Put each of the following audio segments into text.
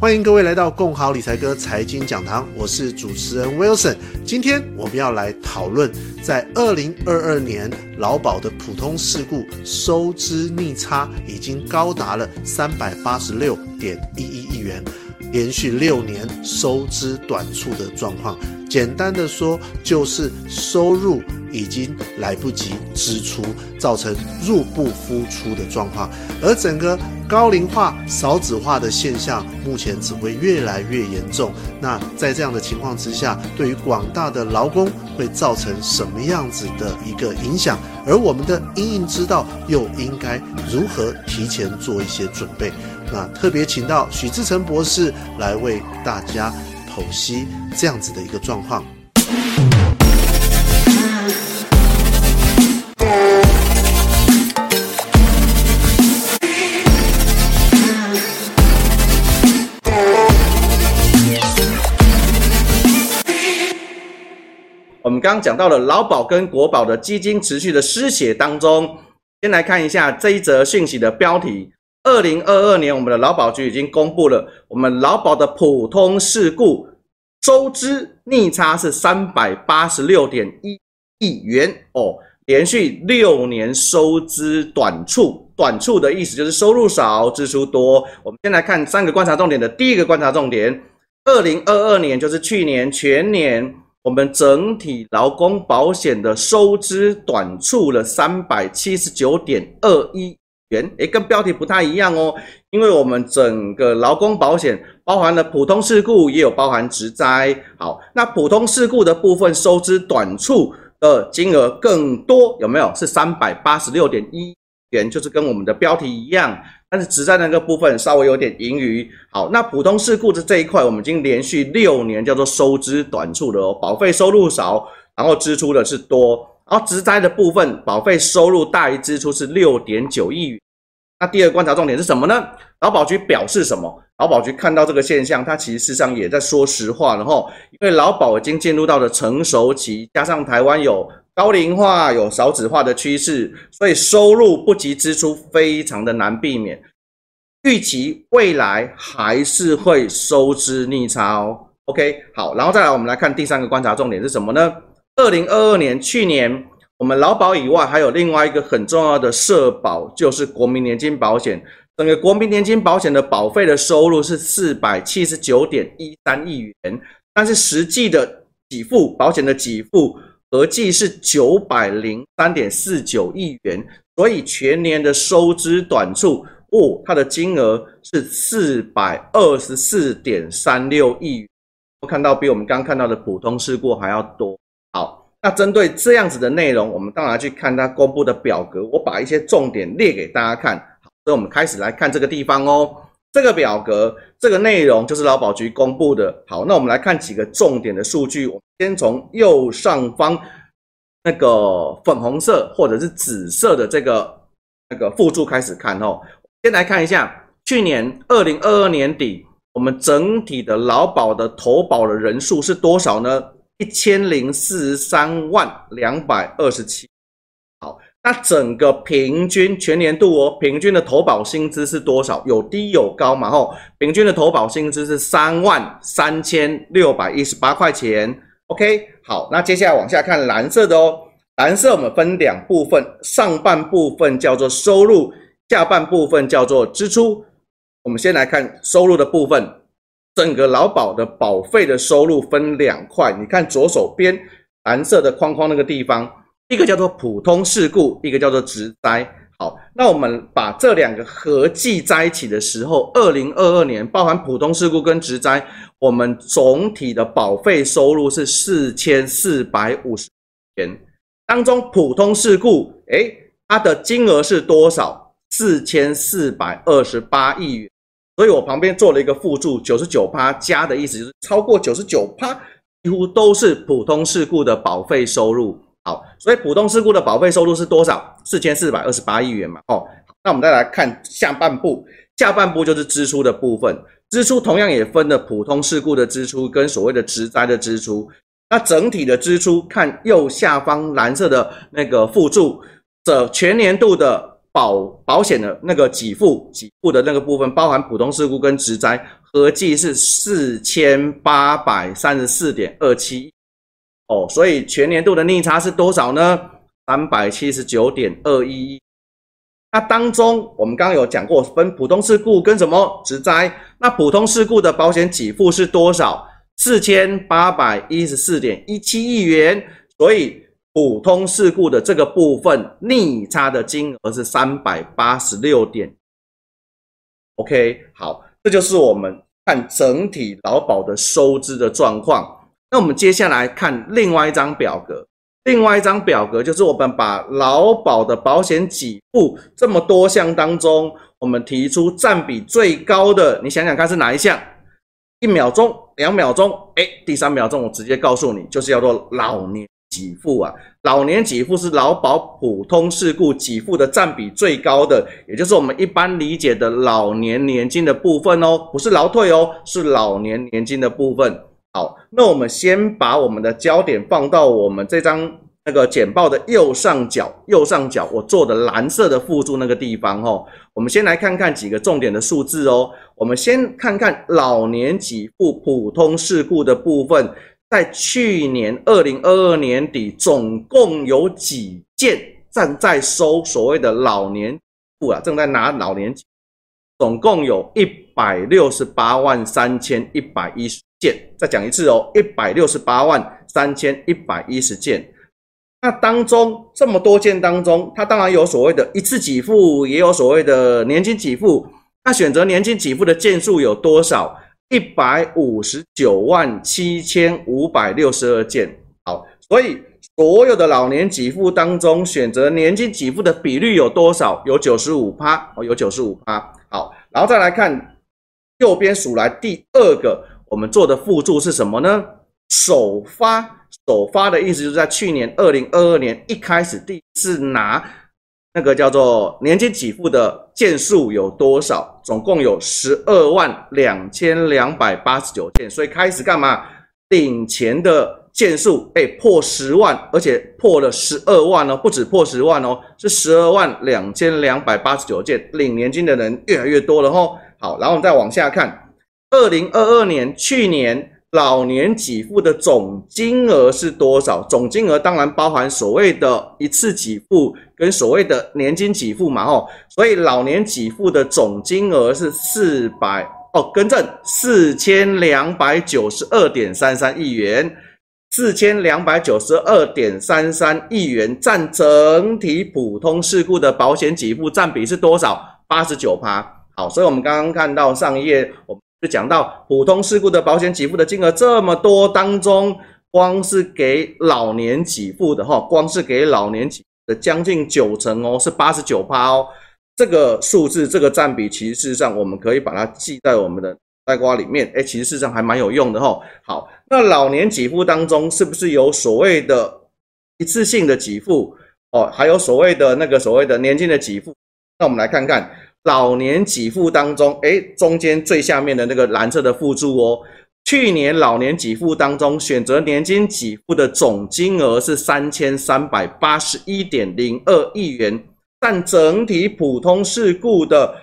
歡迎各位來到共好理財鴿財經講堂，我是主持人 Wilson。今天我們要來討論，在二零二二年勞保的普通事故收支逆差已經高達了三百八十六點一一億元。連續六年收支短絀的狀況，簡單的說就是收入已經來不及支出，造成入不敷出的狀況。而整個高齡化、少子化的現象，目前只會越來越嚴重。那在這樣的情況之下，對於廣大的勞工會造成什麼樣子的一個影響？而我們的因應之道又應該如何提前做一些準備？那特別請到許志成博士來為大家剖析這樣子的一個狀況。我們剛剛講到了勞保跟國保的基金持續的失血當中，先來看一下這一則訊息的標題。二零二二年，我們的勞保局已經公布了我們勞保的普通事故收支逆差是三百八十六點一億元哦，連續六年收支短絀，短絀的意思就是收入少，支出多。我們先來看三個觀察重點的第一個觀察重點，二零二二年就是去年全年，我們整體勞工保險的收支短絀了三百七十九點二一億。哎，跟標題不太一樣哦，因為我們整個勞工保險包含了普通事故，也有包含職災。好，那普通事故的部分收支短絀的金額更多，有沒有？是三百八十六點一億元，就是跟我們的標題一樣。但是職災那個部分稍微有點盈餘。好，那普通事故的這一塊，我們已經連續六年叫做收支短絀的哦，保費收入少，然後支出的是多。而職災的部分保費收入大於支出是六點九億元。那第二觀察重點是什麼呢？勞保局表示什麼？勞保局看到這個現象，他其實事實上也在說實話。然後，因為勞保已經進入到了成熟期，加上台灣有高齡化、有少子化的趨勢，所以收入不及支出，非常的難避免。預期未來還是會收支逆差哦。OK，好，然後再來，我們來看第三個觀察重點是什麼呢？二零二二年，去年。我們勞保以外，還有另外一個很重要的社保，就是國民年金保險。整個國民年金保險的保費的收入是四百七十九點一三億元，但是實際的給付保險的給付合計是九百零三點四九億元，所以全年的收支短絀，哦，它的金額是四百二十四點三六億元，我看到比我們剛看到的普通事故還要多，好。那針對這樣子的內容，我們到哪去看它公布的表格，我把一些重點列給大家看。好，那我們開始來看這個地方哦。這個表格，這個內容就是勞保局公布的。好，那我們來看幾個重點的數據。我們先從右上方那個粉紅色或者是紫色的這個那個附注開始看哦。先來看一下，去年二零二二年底，我們整體的勞保的投保的人數是多少呢？一千零四十三萬兩百二十七，好，那整個平均全年度哦，平均的投保薪資是多少？有低有高嘛，哦，吼，平均的投保薪資是三萬三千六百一十八塊錢。OK，好，那接下來往下看藍色的哦，藍色我們分兩部分，上半部分叫做收入，下半部分叫做支出。我們先來看收入的部分。整個勞保的保費的收入分兩塊，你看左手邊藍色的框框那個地方，一個叫做普通事故，一個叫做職災。好，那我們把這兩個合計在一起的時候，二零二二年包含普通事故跟職災，我們總體的保費收入是四千四百五十億元。當中普通事故，誒，它的金額是多少？四千四百二十八億元。所以我旁邊做了一個附注，九十九趴加的意思就是超過九十九趴，幾乎都是普通事故的保費收入。好，所以普通事故的保費收入是多少？四千四百二十八億元嘛。哦，那我們再來看下半部，下半部就是支出的部分。支出同樣也分了普通事故的支出跟所謂的職災的支出。那整體的支出看右下方藍色的那個附注，這全年度的，保保險的那個給付給付的那個部分，包含普通事故跟職災，合計是四千八百三十四點二七億，哦，所以全年度的逆差是多少呢？三百七十九點二一億。那當中我們剛剛有講過，分普通事故跟什麼？職災？那普通事故的保險給付是多少？四千八百一十四點一七億元。所以。普通事故的這個部分逆差的金額是三百八十六點一。OK，好，這就是我們看整體勞保的收支的狀況。那我們接下來看另外一張表格，另外一張表格就是我們把勞保的保險給付這麼多項當中，我們提出占比最高的，你想想看是哪一項？一秒鐘，兩秒鐘，哎，第三秒鐘我直接告訴你，就是叫做老年。給付啊，老年給付是勞保普通事故給付的占比最高的，也就是我們一般理解的老年年金的部分哦，不是勞退哦，是老年年金的部分。好，那我們先把我們的焦點放到我們這張那個簡報的右上角，右上角我做的藍色的附注那個地方哦。我們先來看看幾個重點的數字哦。我們先看看老年給付普通事故的部分。在去年二零二二年底，總共有幾件正在收所謂的老年給付啊，正在拿老年，總共有一百六十八萬三千一百一十件。再講一次哦，一百六十八萬三千一百一十件。那當中這麼多件當中，它當然有所謂的一次給付，也有所謂的年金給付。那選擇年金給付的件數有多少？一百五十九萬七千五百六十二件，好，所以所有的老年給付當中，選擇年金給付的比率有多少有？有九十五趴，哦，有九十五趴。好，然後再來看右邊數來第二個，我們做的附註是什麼呢？首發，首發的意思就是在去年二零二二年一開始第一次拿。那個叫做年金給付的件數有多少？總共有十二萬兩千兩百八十九件，所以開始幹嘛？領錢的件數哎破十萬，而且破了十二萬哦，不止破十萬哦，是十二萬兩千兩百八十九件，領年金的人越來越多了吼。好，然後我們再往下看，二零二二年去年。老年給付的總金額是多少？總金額當然包含所謂的一次給付跟所謂的年金給付嘛，哦，所以老年給付的總金額是四百哦，更正，四千兩百九十二點三三億元，四千兩百九十二點三三億元占整體普通事故的保險給付占比是多少？八十九趴。好，所以我們剛剛看到上一頁，我。就講到普通事故的保險給付的金額這麼多當中，光是給老年給付的哈，光是給老年給的將近九成哦是，是八十九趴哦。這個數字，這個占比，其實事實上我們可以把它記在我們的袋瓜裡面，哎，其實事實上還蠻有用的哈。好，那老年給付當中是不是有所謂的一次性的給付哦，還有所謂的那個所謂的年金的給付？那我們來看看。老年給付當中，哎，中間最下面的那個藍色的柱哦，去年老年給付當中選擇年金給付的總金額是三千三百八十一點零二億元，但整體普通事故的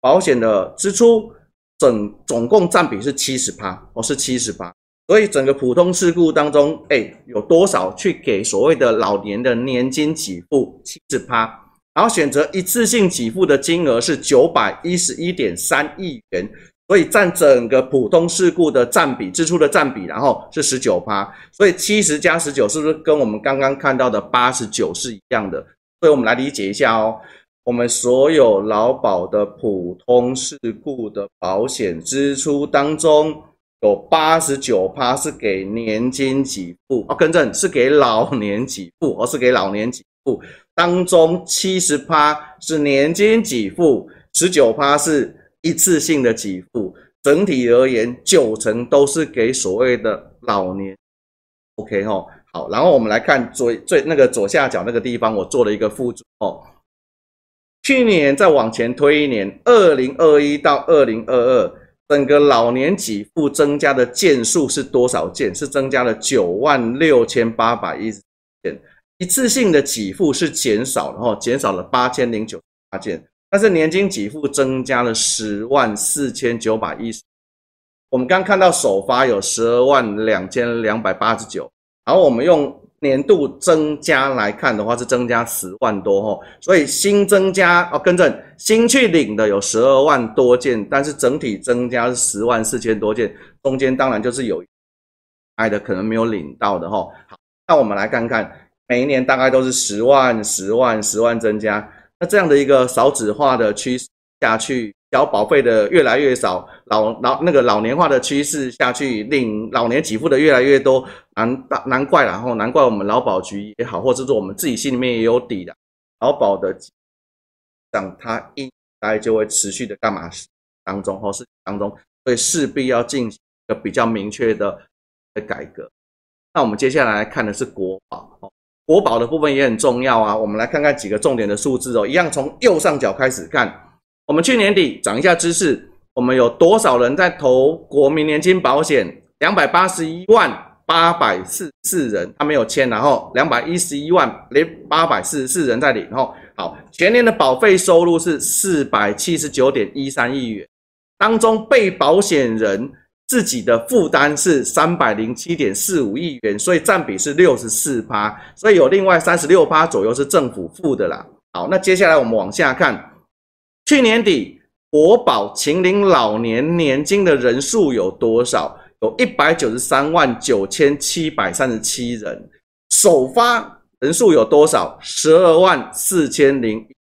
保險的支出，整總共占比是七十八哦，是七十八，所以整個普通事故當中，哎，有多少去給所謂的老年的年金給付？七十八。然後選擇一次性給付的金額是九百一十一點三億元，所以占整個普通事故的占比支出的占比，然後是十九趴。所以七十加十九是不是跟我們剛剛看到的八十九是一樣的？所以我們來理解一下哦。我們所有勞保的普通事故的保險支出當中，有八十九趴是給年金給付哦，更正，是給老年給付，而、哦、是給老年給付。當中七十趴是年金給付，十九趴是一次性的給付。整體而言，九成都是給所謂的老年。OK 吼，好，然後我們來看左最那個左下角那個地方，我做了一個附注哦。去年再往前推一年，二零二一到二零二二，整個老年給付增加的件數是多少件？是增加了九萬六千八百一十件。一次性的給付是減少的哈，減少了八千零九十八件，但是年金給付增加了十萬四千九百一十，我們剛看到首發有十二萬兩千兩百八十九，然後我們用年度增加來看的話，是增加十萬多哈。所以新增加哦，更正，新去領的有十二萬多件，但是整體增加是十萬四千多件，中間當然就是有愛的可能沒有領到的哈。好，那我們來看看。每一年大概都是十萬、十萬、十萬增加，那這樣的一個少子化的趨勢下去，繳保費的越來越少，老老那個老年化的趨勢下去，領老年給付的越來越多，難難怪然後、哦、難怪我們勞保局也好，或者是我們自己心裡面也有底啦老的，勞保的漲，它應該就會持續的幹嘛事當中，或、哦、是當中，所以勢必要進行一個比較明確的的改革。那我們接下來，來看的是國保。國保的部分也很重要啊，我們來看看幾個重點的數字哦，一樣從右上角開始看。我們去年底漲一下知識，我們有多少人在投國民年金保險？兩百八十一萬八百四十四人，他、啊、沒有簽、啊，然後兩百一十一萬零八百四十四人在領。然、哦、後，好，全年的保費收入是四百七十九點一三億元，當中被保險人。自己的負擔是三百零七點四五億元，所以佔比是六十四趴，所以有另外三十六趴左右是政府付的啦。好，那接下來我們往下看，去年底國保請領老年年金的人數有多少？有一百九十三萬九千七百三十七人，首發人數有多少？十二萬四千零一，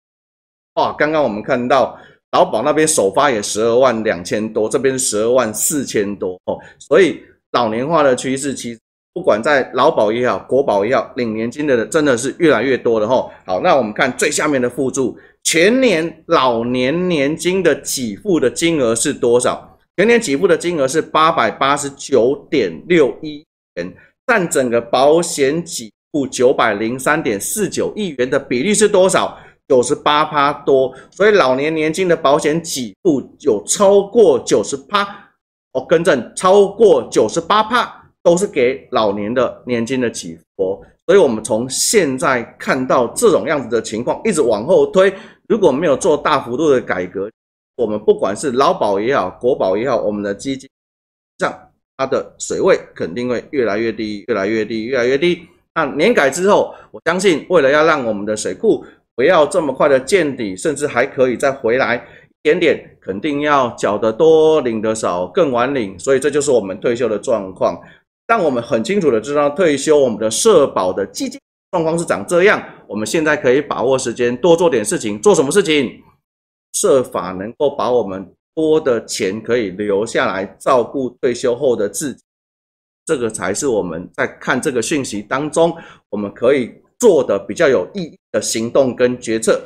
哇、哦，剛剛我們看到。老保那邊首發也十二萬兩千多，這邊十二萬四千多哦，所以老年化的趨勢，其實不管在老保也好，國保也好，領年金的真的是越來越多了哈。好，那我們看最下面的附注，全年老年年金的給付的金額是多少？全年給付的金額是八百八十九點六一元，占整個保險給付九百零三點四九億元的比例是多少？九十八趴多，所以老年年金的保險起步有超過九十趴。我更正，超過九十八趴都是給老年的年金的起伏。所以我們從現在看到這種樣子的情況，一直往後推，如果沒有做大幅度的改革，我們不管是勞保也好，國保也好，我們的基金上它的水位肯定會越來越低，越來越低，越來越低。那年改之後，我相信為了要讓我們的水庫，不要這麼快的見底，甚至還可以再回來一點點。肯定要繳得多，領得少，更晚領。所以這就是我們退休的狀況。但我們很清楚的知道，退休我們的社保的基金狀況是長這樣。我們現在可以把握時間，多做點事情。做什麼事情？設法能夠把我們多的錢可以留下來，照顧退休後的自己。這個才是我們在看這個訊息當中，我們可以。做的比較有意義的行動跟決策。